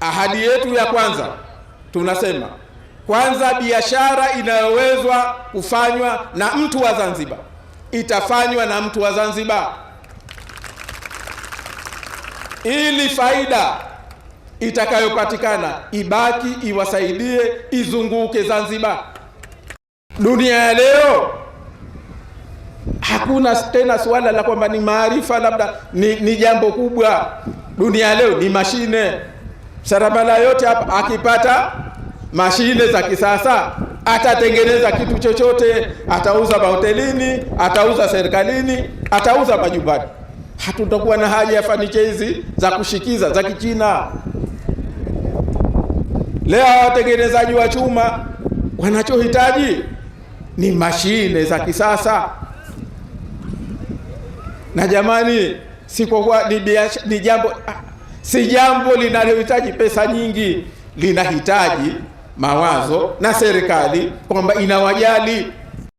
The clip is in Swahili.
Ahadi yetu ya kwanza tunasema kwanza, biashara inayowezwa kufanywa na mtu wa Zanzibar itafanywa na mtu wa Zanzibar, ili faida itakayopatikana ibaki, iwasaidie, izunguke Zanzibar. Dunia ya leo hakuna tena suala la kwamba ni maarifa labda ni, ni jambo kubwa. Dunia ya leo ni mashine Sarabala yote hapa akipata mashine za kisasa atatengeneza kitu chochote, atauza mahotelini, atauza serikalini, atauza majumbani. Hatutakuwa na haja ya fanicha hizi za kushikiza za Kichina. Leo watengenezaji wa chuma wanachohitaji ni mashine za kisasa. Na jamani, sikokuwa ni, ni jambo ah, si jambo linalohitaji pesa nyingi, linahitaji mawazo na serikali kwamba inawajali.